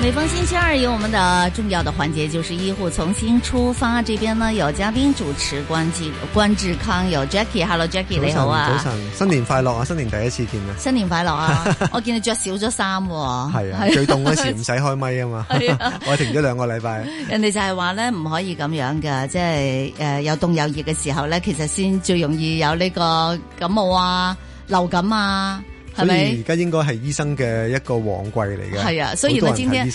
每逢星期二有我們的重要的環節，就是醫護重新出發。這邊呢有嘉賓主持關志，關志康有 Jackie，Hello Jackie，上你好啊！早晨，新年快樂啊！新年第一次見啊！新年快樂啊！ 我見你着少咗衫。係啊，啊啊最凍嗰時唔使開咪啊嘛， 啊我停咗兩個禮拜。人哋就係話咧，唔可以咁樣嘅，即係誒有凍有熱嘅時候咧，其實先最容易有呢個感冒啊、流感啊。所以而家應該係醫生嘅一個旺季嚟嘅，係啊，所以到今天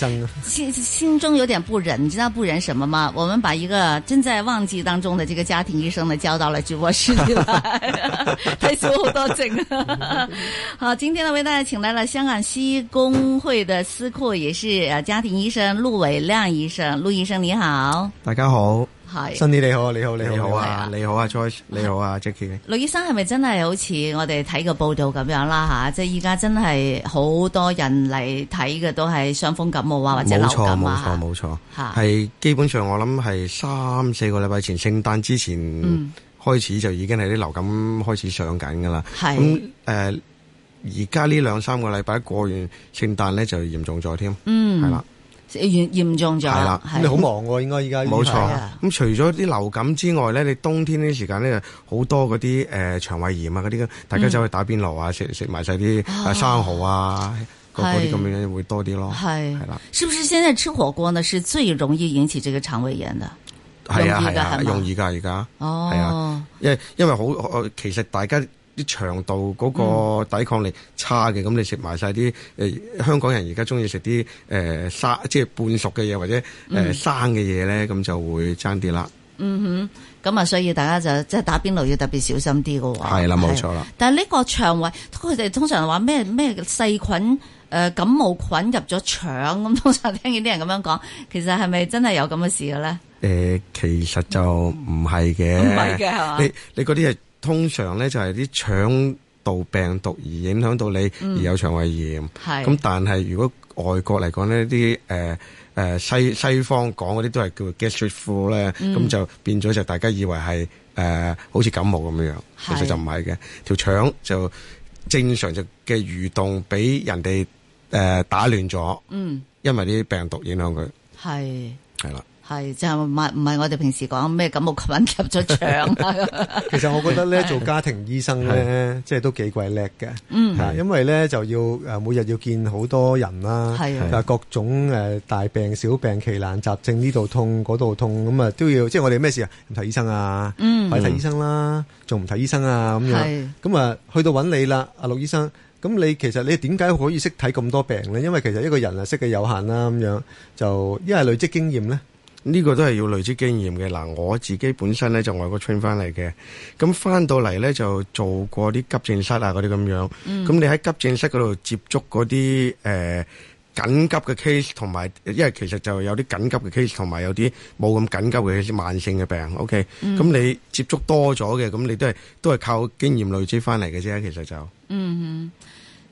心心中有點不忍，你知道不忍什麼嗎？我們把一個正在旺季當中的這個家庭醫生呢，叫到了直播室嚟，太少好多症啦。 好，今天呢為大家請來了香港西醫工會的司庫，也是家庭醫生陸偉亮醫生，陸醫生你好， 大家好。係，兄弟是你好，你好，你好，你好啊，你好啊，Joyce，你好啊，Jackie。陸醫生係咪真係好似我哋睇個報道咁樣啦？吓，即係依家真係好多人嚟睇嘅都係傷風感冒啊，或者流感冇錯，冇錯，冇錯，係、啊、基本上我諗係三四個禮拜前聖誕之前開始、嗯、就已經係啲流感開始上緊噶啦。係是。咁誒，而家呢兩三個禮拜過完聖誕咧，就嚴重咗添。嗯。係啦、啊。嚴嚴重咗，係啦，你好忙喎，應該而家冇錯。咁除咗啲流感之外咧，你冬天啲時間咧好多嗰啲誒腸胃炎啊嗰啲，大家走去打邊爐啊，食食埋晒啲生蠔啊，嗰啲咁樣會多啲咯。係係啦，是不是現在吃火鍋呢？是最容易引起這個腸胃炎的，係啊係啊，容易噶，而家。哦，因為因為好，其實大家。啲腸道嗰個抵抗力差嘅，咁你食埋晒啲誒香港人而家中意食啲誒生即係半熟嘅嘢或者誒生嘅嘢咧，咁就會爭啲啦。嗯哼，咁啊，所以大家就即係打邊爐要特別小心啲嘅喎。係啦，冇錯啦。但係呢個腸胃，佢哋通常話咩咩細菌誒感冒菌入咗腸，咁通常聽見啲人咁樣講，其實係咪真係有咁嘅事嘅咧？誒，其實就唔係嘅，唔係嘅，係你你嗰啲嘢。通常咧就係啲腸道病毒而影響到你、嗯、而有腸胃炎，係是，咁但係如果外國嚟講咧啲誒誒西西方講啲都係叫 gastric flu 咧，咁就變咗就大家以為係誒、呃、好似感冒咁樣樣，是其實就唔係嘅，條腸就正常就嘅蠕動俾人哋誒、呃、打亂咗，嗯，因為啲病毒影響佢，係係啦。是係，就係唔係我哋平時講咩感冒菌入咗腸啊？其實我覺得咧，做家庭醫生咧，即係都幾鬼叻嘅。嗯，因為咧就要誒，每日要見好多人啦。係，啊，各種誒大病、小病、奇難雜症，呢度痛，嗰度痛，咁啊都要。即係我哋咩事啊？唔睇醫生啊？嗯，快睇醫生啦！仲唔睇醫生啊？咁樣。係。咁啊，去到揾你啦，阿陸醫生。咁你其實你點解可以識睇咁多病咧？因為其實一個人啊識嘅有限啦，咁樣就一係累積經驗咧。呢個都係要累積經驗嘅嗱，我自己本身咧就外國 train 翻嚟嘅，咁翻到嚟咧就做過啲急症室啊嗰啲咁樣，咁、嗯、你喺急症室嗰度接觸嗰啲誒緊急嘅 case，同埋因為其實就有啲緊急嘅 case，同埋有啲冇咁緊急嘅慢性嘅病，OK，咁、嗯、你接觸多咗嘅，咁你都係都係靠經驗累積翻嚟嘅啫，其實就，嗯、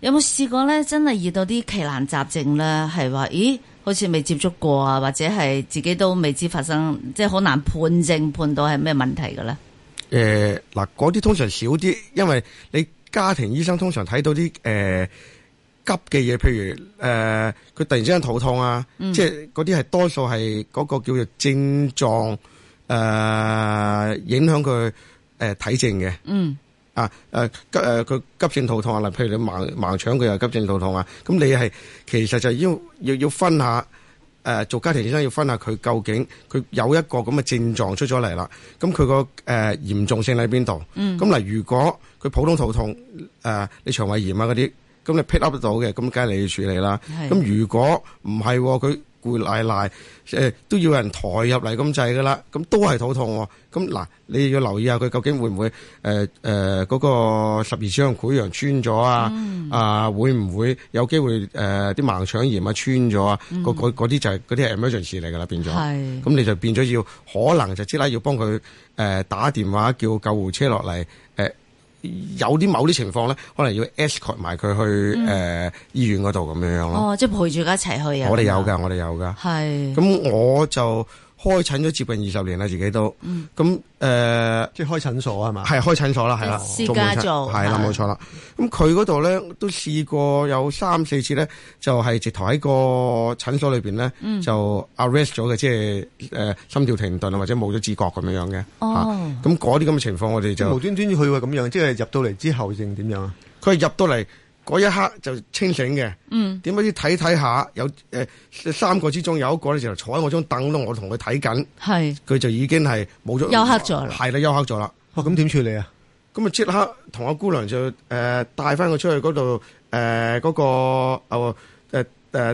有冇試過咧？真係遇到啲奇難雜症咧，係話咦？好似未接觸過啊，或者係自己都未知發生，即係好難判證，判到係咩問題嘅咧？誒、呃，嗱，嗰啲通常少啲，因為你家庭醫生通常睇到啲誒、呃、急嘅嘢，譬如誒佢、呃、突然之間肚痛啊，嗯、即係嗰啲係多數係嗰個叫做症狀誒、呃、影響佢誒、呃、體症嘅。嗯。啊誒、呃、急誒佢、呃、急性肚痛啊，嗱，譬如你盲盲腸佢又急性肚痛啊，咁你係，其實就要要要分下誒、呃、做家庭醫生要分下佢究竟佢有一個咁嘅症狀出咗嚟啦，咁佢個誒嚴重性喺邊度？咁嗱、嗯啊，如果佢普通肚痛誒、呃、你腸胃炎啊嗰啲，咁你 pick up 到嘅，咁梗係你要處理啦。咁的如果唔係佢。攰賴賴，誒、呃、都要人抬入嚟咁滯噶啦，咁都係肚痛喎。咁嗱，你要留意下佢究竟會唔會誒誒嗰個十二指腸潰瘍穿咗啊？嗯、啊，會唔會有機會誒啲盲腸炎啊穿咗啊？嗰啲、嗯、就係、是、嗰啲係 emergency 嚟㗎啦，變咗。咁是你就變咗要可能就即刻要幫佢誒、呃、打電話叫救護車落嚟。有啲某啲情況咧，可能要 escort 埋佢去誒、呃嗯、醫院嗰度咁樣樣咯。哦，樣即係陪住佢一齊去啊！我哋有㗎，我哋有㗎。係咁的我就。開診咗接近二十年啦，自己都咁誒，即係開診所係嘛？係開診所啦，係啦，私家做係啦，冇錯啦。咁佢嗰度咧都試過有三四次咧，就係直頭喺個診所裏邊咧就 arrest 咗嘅，即係誒心跳停頓或者冇咗知覺咁樣樣嘅。哦，咁嗰啲咁嘅情況我哋就無端端去咁樣，即係入到嚟之後先點樣啊？佢係入到嚟。嗰一刻就清醒嘅，點解、嗯、知睇睇下，有誒、呃、三個之中有一個咧就坐喺我張凳度，我同佢睇緊，佢是就已經係冇咗，休克咗啦，係啦，休克咗啦。咁點處理啊？咁啊即刻同阿姑娘就誒帶翻佢出去嗰度誒嗰個哦誒誒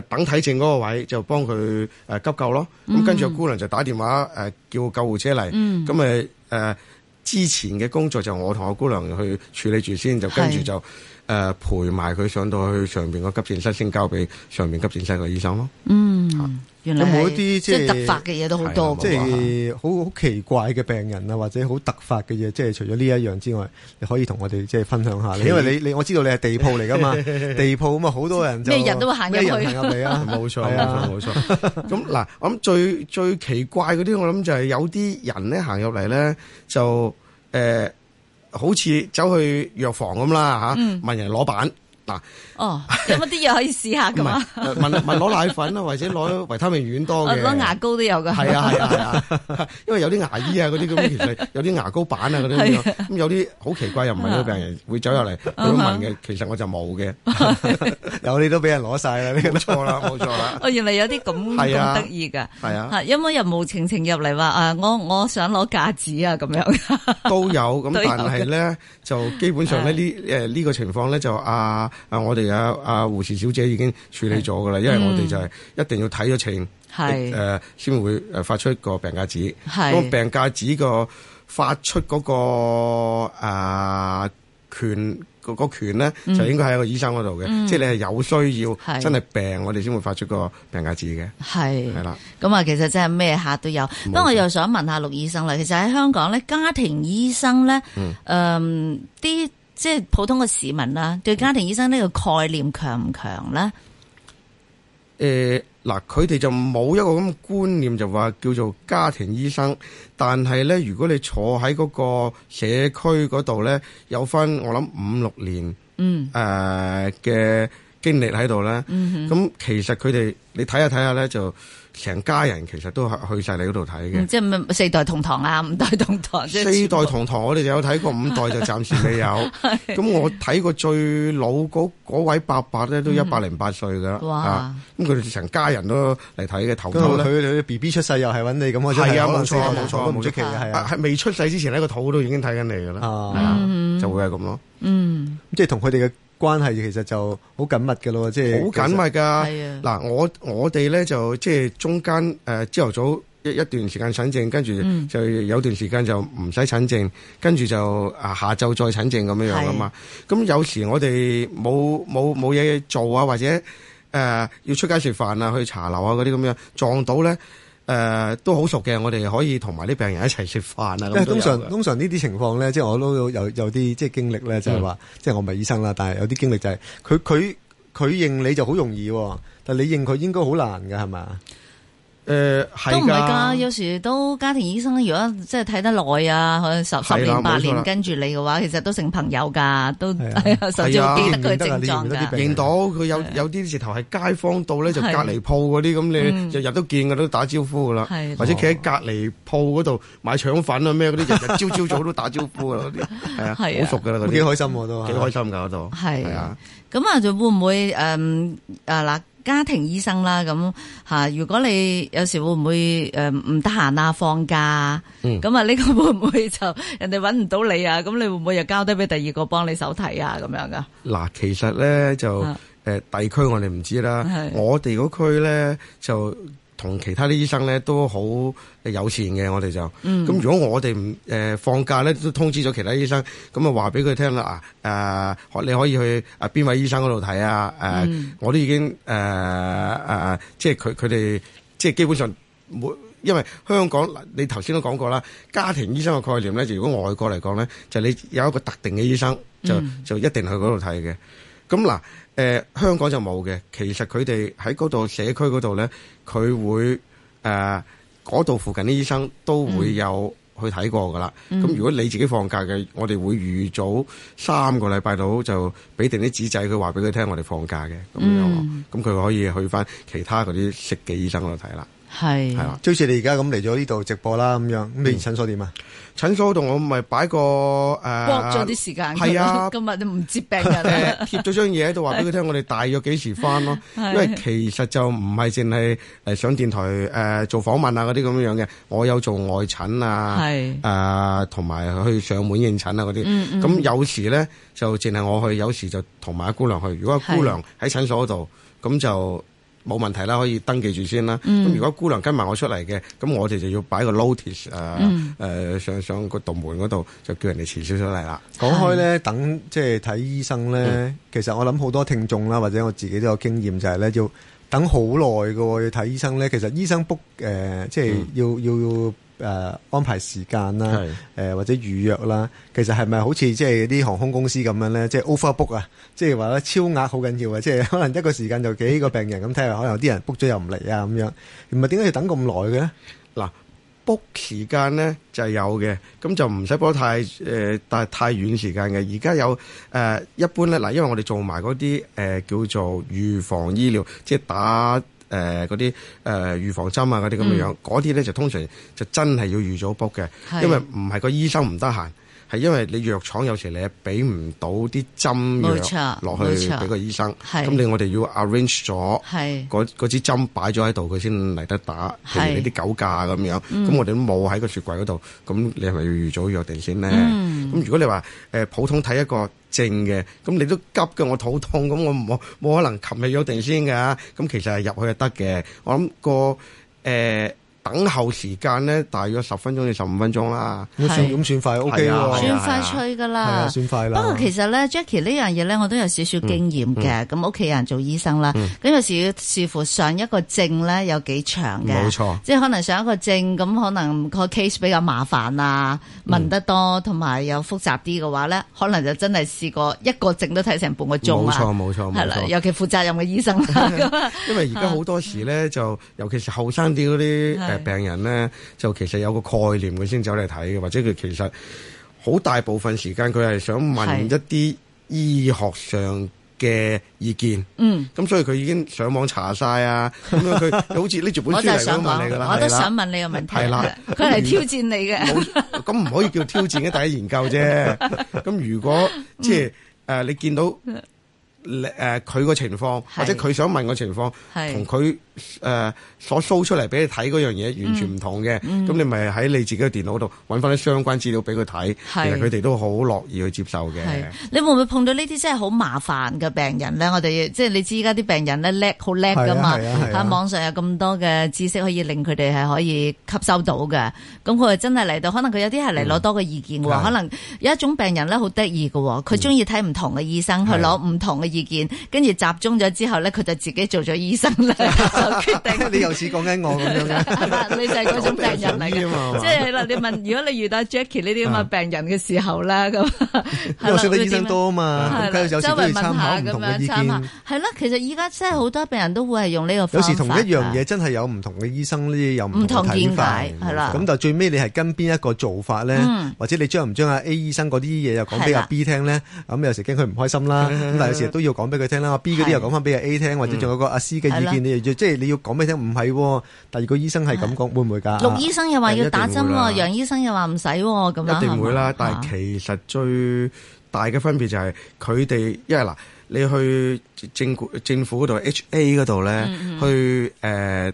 等睇症嗰個位，就幫佢誒急救咯。咁跟住阿姑娘就打電話誒叫救護車嚟，咁咪誒之前嘅工作就我同阿姑娘去處理住先，就跟住就。誒陪埋佢上到去上邊個急症室，先交俾上面急症室個醫生咯。嗯，原來一啲即係突發嘅嘢都好多，即係好好奇怪嘅病人啊，或者好突發嘅嘢，即係除咗呢一樣之外，你可以同我哋即係分享下。因為你你我知道你係地鋪嚟㗎嘛，地鋪咁啊，好多人咩人都會行入去，咩人都會行入嚟啊，冇錯冇錯冇錯。咁嗱，我諗最最奇怪嗰啲，我諗就係有啲人咧行入嚟咧，就誒。好似走去藥房咁啦吓，問人攞板。.哦，有乜啲嘢可以試下噶嘛？問問攞奶粉啊，或者攞維他命丸多嘅，攞牙膏都有噶。係啊，係啊，係啊，因為有啲牙醫啊，嗰啲咁，其實有啲牙膏板啊，嗰啲咁，有啲好奇怪，又唔係呢個病人會走入嚟咁問嘅。其實我就冇嘅，有啲都俾人攞晒啦，呢個冇錯啦，冇錯啦。哦，原來有啲咁咁得意噶，係啊，有冇人無情情入嚟話啊？我我想攞架子啊，咁樣都有咁，但係咧就基本上咧呢誒呢個情況咧就啊。啊！我哋阿阿護士小姐已經處理咗噶啦，因為我哋就係一定要睇咗清，誒、嗯、先、呃、會誒發出個病假紙。嗰個是病假紙個發出嗰、那個誒、啊、權，嗰、那個權咧、嗯、就應該喺個醫生嗰度嘅。嗯、即係你係有需要，是真係病，我哋先會發出個病假紙嘅。係係啦。咁啊了，其實真係咩客都有。不過沒事 我又想問下陸醫生啦，其實喺香港咧，家庭醫生咧，呃、嗯，啲。即係普通嘅市民啦，對家庭醫生呢個概念強唔強咧？誒、呃，嗱，佢哋就冇一個咁嘅觀念，就話叫做家庭醫生。但係咧，如果你坐喺嗰個社區嗰度咧，有翻我諗五六年，嗯，誒嘅、呃。經歷喺度咧，咁其實佢哋你睇下睇下咧，就成家人其實都係去晒你嗰度睇嘅。即係四代同堂啊，五代同堂。四代同堂，我哋就有睇過，五代就暫時未有。咁我睇過最老嗰位伯伯咧，都一百零八歲噶啦。哇！咁佢哋成家人都嚟睇嘅，頭胎佢佢 B B 出世又係揾你咁。係啊，冇錯冇錯，冇出奇嘅係啊。係未出世之前呢個肚都已經睇緊你噶啦。哦，係啊，就會係咁咯。即係同佢哋嘅關係其實就好緊密嘅咯，即係好緊密㗎。嗱，我我哋咧就即係中間誒，朝、呃、頭早一一段時間診症，跟住就有段時間就唔使診症，跟住就啊下晝再診症咁樣樣㗎嘛。咁、嗯、有時我哋冇冇冇嘢做啊，或者誒、呃、要出街食飯啊，去茶樓啊嗰啲咁樣撞到咧。誒、呃、都好熟嘅，我哋可以同埋啲病人一齊食飯啊！通常通常呢啲情況呢，即係我都有有啲即係經歷呢，就係話即係我唔係醫生啦，但係有啲經歷就係佢佢佢認你就好容易喎，但係你認佢應該好難㗎係咪？誒，都唔係噶，有時都家庭醫生，如果即係睇得耐啊，可能十十年八年跟住你嘅話，其實都成朋友噶，都係啊，甚至記得佢症狀見到佢有有啲時頭係街坊到咧，就隔籬鋪嗰啲咁，你日日都見嘅，都打招呼噶啦，或者企喺隔籬鋪嗰度買腸粉啊咩嗰啲，日日朝朝早都打招呼噶啦，係啊，好熟噶啦，咁幾開心我都，幾開心噶嗰度，係啊，咁啊，就會唔會誒誒嗱？家庭醫生啦，咁嚇，如果你有時會唔會誒唔得閒啊，放假，咁啊呢個會唔會就人哋揾唔到你啊？咁你會唔會又交低俾第二個幫你手睇啊？咁樣噶？嗱，其實咧就誒地、嗯呃、區我哋唔知啦，係我哋嗰區咧就。同其他啲醫生咧都好友善嘅，我哋就咁。嗯、如果我哋唔誒放假咧，都通知咗其他醫生，咁啊話俾佢聽啦啊誒，你可以去啊邊位醫生嗰度睇啊誒，啊嗯、我都已經誒誒、啊啊，即係佢佢哋即係基本上每，因為香港你頭先都講過啦，家庭醫生嘅概念咧，就如果外國嚟講咧，就係、你有一個特定嘅醫生，就、嗯、就一定去嗰度睇嘅。咁嗱，誒、呃、香港就冇嘅。其實佢哋喺嗰度社區嗰度咧，佢會誒嗰度附近啲醫生都會有去睇過噶啦。咁、嗯、如果你自己放假嘅，我哋會預早三個禮拜度就俾定啲紙仔，佢話俾佢聽我哋放假嘅咁、嗯、樣。咁佢可以去返其他嗰啲識嘅醫生嗰度睇啦。係，好似你而家咁嚟咗呢度直播啦，咁樣咁你診所點啊？診所度我咪擺個誒，削咗啲時間，係啊，今日唔接病人，貼咗張嘢喺度話俾佢聽，我哋大約幾時翻咯？因為其實就唔係淨係嚟上電台誒做訪問啊嗰啲咁樣嘅，我有做外診啊，係誒，同埋去上門應診啊嗰啲。咁有時咧就淨係我去，有時就同埋阿姑娘去。如果阿姑娘喺診所度，咁就。冇問題啦，可以登記住先啦。咁、嗯、如果姑娘跟埋我出嚟嘅，咁我哋就要擺個 notice 啊，誒、嗯呃、上上個道門嗰度就叫人哋遲少少嚟啦。嗯、講開咧，等即係睇醫生咧，嗯、其實我諗好多聽眾啦，或者我自己都有經驗，就係咧要等好耐㗎要睇醫生咧。其實醫生 book 誒，即係要要。嗯要要要誒、呃，安排時間啦，誒、呃、或者預約啦，其實係咪好似即係啲航空公司咁樣咧？即係 overbook 啊，即係話咧超額好緊要啊！即係可能一個時間就幾個病人咁，睇嚟可能有啲人 book 咗又唔嚟啊咁樣，唔係點解要等咁耐嘅咧？嗱，book 時間咧就係、是、有嘅，咁就唔使 book 太誒，但、呃、係太、太遠時間嘅。而家有誒一般咧嗱，因為我哋做埋嗰啲誒叫做預防醫療，即係打。誒嗰啲誒預防針啊嗰啲咁嘅樣，嗰啲咧就通常就真係要預早 book 嘅，是因為唔係個醫生唔得閒。係因為你藥廠有時你俾唔到啲針藥落去俾錯個醫生，咁是你我哋要 arrange 咗嗰是支針擺咗喺度，佢先嚟得打。譬如呢啲九價咁樣，咁、嗯、我哋都冇喺個雪櫃嗰度。咁你係咪要預早約定先咧？咁、嗯、如果你話誒、呃、普通睇一個症嘅，咁你都急嘅，我肚痛，咁我冇冇可能及你約定先㗎？咁其實係入去就得嘅。我諗個誒。呃等候時間咧，大約十分鐘至十五分鐘啦。咁算咁算快，O K 喎。算快脆㗎啦。算快啦。不過其實咧，Jackie 呢樣嘢咧，我都有少少經驗嘅。咁屋企人做醫生啦。咁有時要視乎上一個證咧，有幾長嘅。冇錯。即係可能上一個證咁，可能個 case 比較麻煩啊，問得多同埋又複雜啲嘅話咧，可能就真係試過一個證都睇成半個鐘。冇錯冇錯冇錯。係啦，尤其負責任嘅醫生。因為而家好多時咧，就尤其是後生啲嗰啲。病人咧，就其實有個概念佢先走嚟睇嘅，或者佢其實好大部分時間佢係想問一啲醫學上嘅意見。嗯，咁所以佢已經上網查晒啊，咁佢 好似呢本書嚟想問你噶啦，我都想問你個問題，佢嚟啦挑戰你嘅。咁唔可以叫挑戰嘅 第一研究啫。咁如果即係誒你見到你誒佢個情況，或者佢想問個情況，同佢。誒、呃、所搜出嚟俾你睇嗰樣嘢完全唔同嘅，咁你咪喺你自己嘅電腦度揾翻啲相關資料俾佢睇，是其實佢哋都好樂意去接受嘅。你會唔會碰到呢啲真係好麻煩嘅病人咧？我哋即係你知而家啲病人叻，好叻噶嘛！喺、啊啊啊啊、網上有咁多嘅知識可以令佢哋係可以吸收到嘅。咁佢就真係嚟到，可能佢有啲係嚟攞多個意見喎。嗯、可能有一種病人咧好得意嘅，佢中意睇唔同嘅醫生去攞唔同嘅意見，跟住、啊、集中咗之後咧，佢就自己做咗醫生啦。 決定，你又似講緊我咁樣，係你就係嗰種病人嚟嘅嘛。即係嗱，你問，如果你遇到 Jackie 呢啲咁嘅病人嘅時候啦，咁因為我識得醫生多啊嘛，咁梗係有時都要參考唔同嘅意見。係啦，其實依家真係好多病人都會係用呢個方法。有時同一樣嘢真係有唔同嘅醫生呢，有唔同睇法，係啦。咁就最尾你係跟邊一個做法咧？或者你將唔將阿 A 醫生嗰啲嘢又講俾阿 B 聽咧？咁有時驚佢唔開心啦。咁但係有時都要講俾佢聽啦。阿 B 嗰啲又講翻俾阿 A 聽，或者仲有個阿 C 嘅意見你即係。.你要講畀佢聽？唔係喎，第二個醫生係咁講，的會唔會㗎？啊、陸醫生又話要打針喎，啊，楊醫生又話唔使喎，咁一定會啦，吧但係其實最大嘅分別就係佢哋，因為嗱。你去政府政府嗰度，HA 嗰度咧，嗯嗯去誒睇、呃、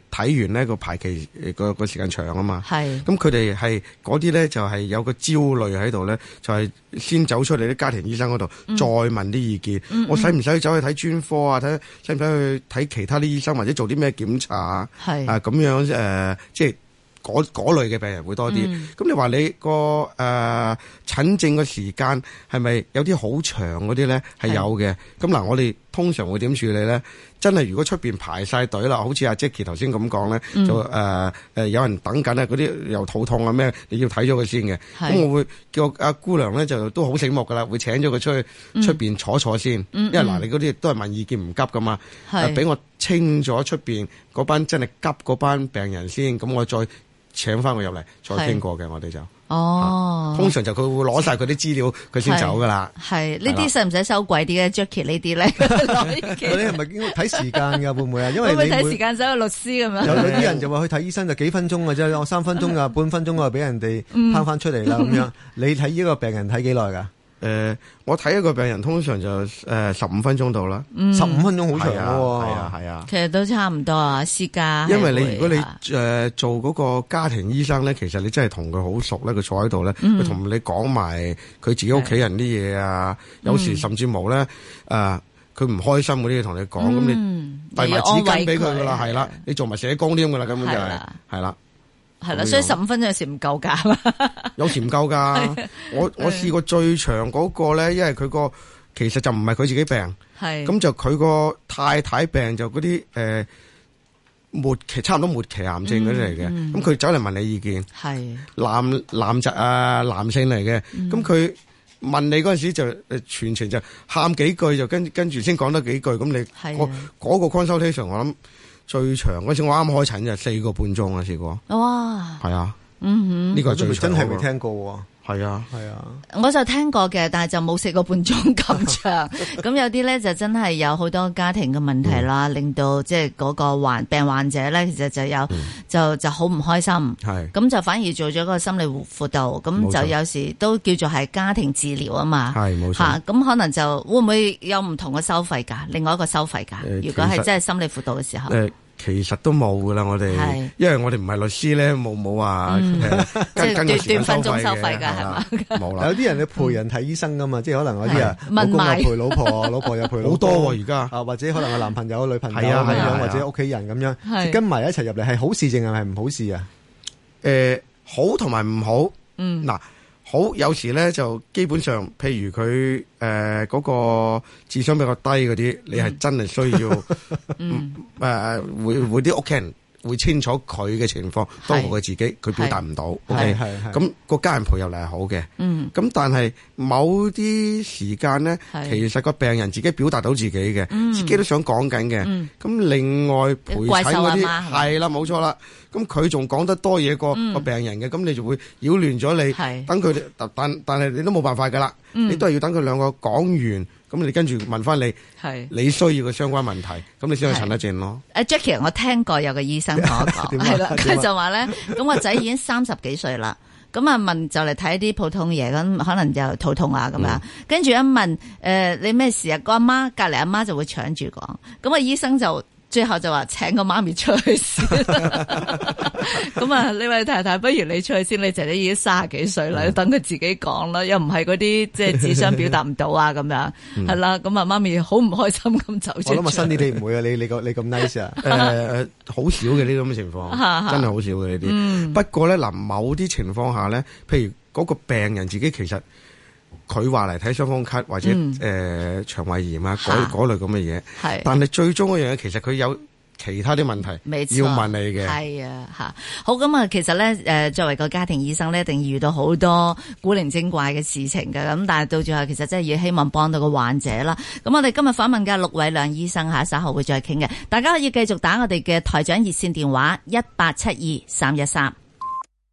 完呢個排期個個時間長啊嘛。係是，咁佢哋係嗰啲咧就係、是、有個焦慮喺度咧，就係、是、先走出嚟啲家庭醫生嗰度，嗯、再問啲意見。嗯嗯我使唔使走去睇專科啊？睇使唔使去睇其他啲醫生，或者做啲咩檢查是啊？係啊，咁樣誒，即係。嗰類嘅病人會多啲，咁、嗯嗯嗯、你話你個誒、呃、診症嘅時間係咪有啲好長嗰啲咧？係有嘅。咁嗱是、嗯嗯，我哋通常會點處理咧？真係如果出邊排晒隊啦，好似阿、啊、Jacky 頭先咁講咧，嗯、就誒誒、呃呃呃呃呃、有人等緊咧，嗰啲又肚痛啊咩，你要睇咗佢先嘅。咁是我會叫阿姑娘咧，就都好醒目噶啦，會請咗佢出去出邊坐坐先，因為嗱你嗰啲都係問意見唔急噶嘛，俾、啊、我清咗出邊嗰班真係急嗰班病、啊、人，家人，家班人先，咁我再。請翻佢入嚟再傾過嘅，我哋就哦、啊，通常就佢會攞晒佢啲資料，佢先走噶啦。係呢啲使唔使收貴啲嘅？Jackie 呢啲咧？嗰啲係咪睇時間噶？會唔會啊？因為睇 時間走去律師咁樣。有啲人就話去睇醫生就幾分鐘噶啫， 我三分鐘啊，半分鐘啊，俾人哋翻翻出嚟啦咁樣。你睇呢個病人睇幾耐噶？誒、呃，我睇一個病人通常就誒十五分鐘到啦，十五、嗯、分鐘好長喎，係啊係啊，啊啊啊其實都差唔多啊，私家。因為你如果你誒、呃、做嗰個家庭醫生咧，其實你真係同佢好熟咧，佢坐喺度咧，佢同、嗯、哼你講埋佢自己屋企人啲嘢啊，的有時甚至冇咧，誒佢唔開心嗰啲嘢同你講，咁、嗯、你遞埋紙巾俾佢噶啦，係啦、嗯，你做埋社工啲咁噶啦，根本就係，係啦。係啦，所以十五分鐘有時唔夠㗎， 有時唔夠㗎。我我試過最長嗰、嗰個咧，因為佢個其實就唔係佢自己病，咁，是就佢個太太病，就嗰啲誒末期差唔多末期癌症嗰啲嚟嘅。咁佢、嗯嗯、走嚟問你意見，是男男疾啊，男性嚟嘅，咁佢、嗯、問你嗰陣時就全程就喊幾句，就跟跟住先講多幾句。咁你嗰嗰是、嗰個 consultation，我諗。最長嗰陣我啱開診就四個半鐘啊，試過。哇！係啊的，嗯哼，呢個係最長，真係未聽過喎。係啊係啊，啊我就聽過嘅，但係就冇食過半鐘咁長。咁 有啲咧就真係有好多家庭嘅問題啦，嗯、令到即係嗰個患病患者咧，其實就有、嗯、就就好唔開心。係咁是就反而做咗個心理輔導，咁就有時都叫做係家庭治療啊嘛。係冇錯吓，咁可能就會唔會有唔同嘅收費噶，另外一個收費噶。呃、如果係真係心理輔導嘅時候。呃其實都冇噶啦，我哋，因為我哋唔係律師咧，冇冇話即係跟分鐘收費噶係嘛？冇啦，有啲人咧陪人睇醫生噶嘛，即係可能有啲啊，老公又陪老婆，老婆又陪好多而家啊，或者可能係男朋友、女朋友，咁或者屋企人咁樣跟埋一齊入嚟，係好事定係唔好事啊？誒，好同埋唔好，嗯嗱。好，有時呢就基本上，譬如佢誒嗰個智商比較低嗰啲，你係真係需要，啊會會啲屋企人。會清楚佢嘅情況，當好佢自己，佢表達唔到。OK，咁個家人陪入嚟係好嘅。咁、嗯、但係某啲時間咧，其實個病人自己表達到自己嘅，嗯、自己都想講緊嘅。咁、嗯、另外陪睇嗰啲，係啦、啊，冇錯啦。咁佢仲講得多嘢過個病人嘅，咁、嗯、你就會擾亂咗你。是 等佢哋，但但係你都冇辦法噶啦，嗯、你都係要等佢兩個講完。咁你跟住問翻你，是你需要嘅相關問題，咁你先去陳德正咯。阿 Jacky，我聽過有個醫生講，係啦、 啊，佢就話咧，咁個仔已經三十幾歲啦，咁啊問就嚟睇啲普通嘢，咁可能就肚痛啊咁樣，嗯、跟住一問，誒、呃、你咩事啊？個阿媽隔離阿媽就會搶住講，咁啊醫生就。最後就話請個媽咪出去先， 咁啊，呢位太太，不如你出去先，你姐姐已經三十幾歲啦，等佢自己講啦，又唔係嗰啲即係智商表達唔到啊，咁樣係啦。咁啊，媽咪好唔開心咁走出嚟。我新啲你唔會啊，你你你咁 nice 啊。誒誒，好少嘅呢啲咁嘅情況，真係好少嘅呢啲。嗯、不過咧嗱，某啲情況下咧，譬如嗰個病人自己其實。佢話嚟睇傷風咳或者誒腸、嗯呃、胃炎啊，嗰嗰類咁嘅嘢。係是，但係最終嗰樣嘢其實佢有其他啲問題，錯要問你嘅。係啊，吓好咁啊！其實咧誒、呃，作為個家庭醫生呢，一定遇到好多古靈精怪嘅事情噶。咁但係到最後，其實真係要希望幫到個患者啦。咁我哋今日訪問嘅陸偉亮醫生，稍後會再傾嘅。大家可以繼續打我哋嘅台長熱線電話一八七二三一三。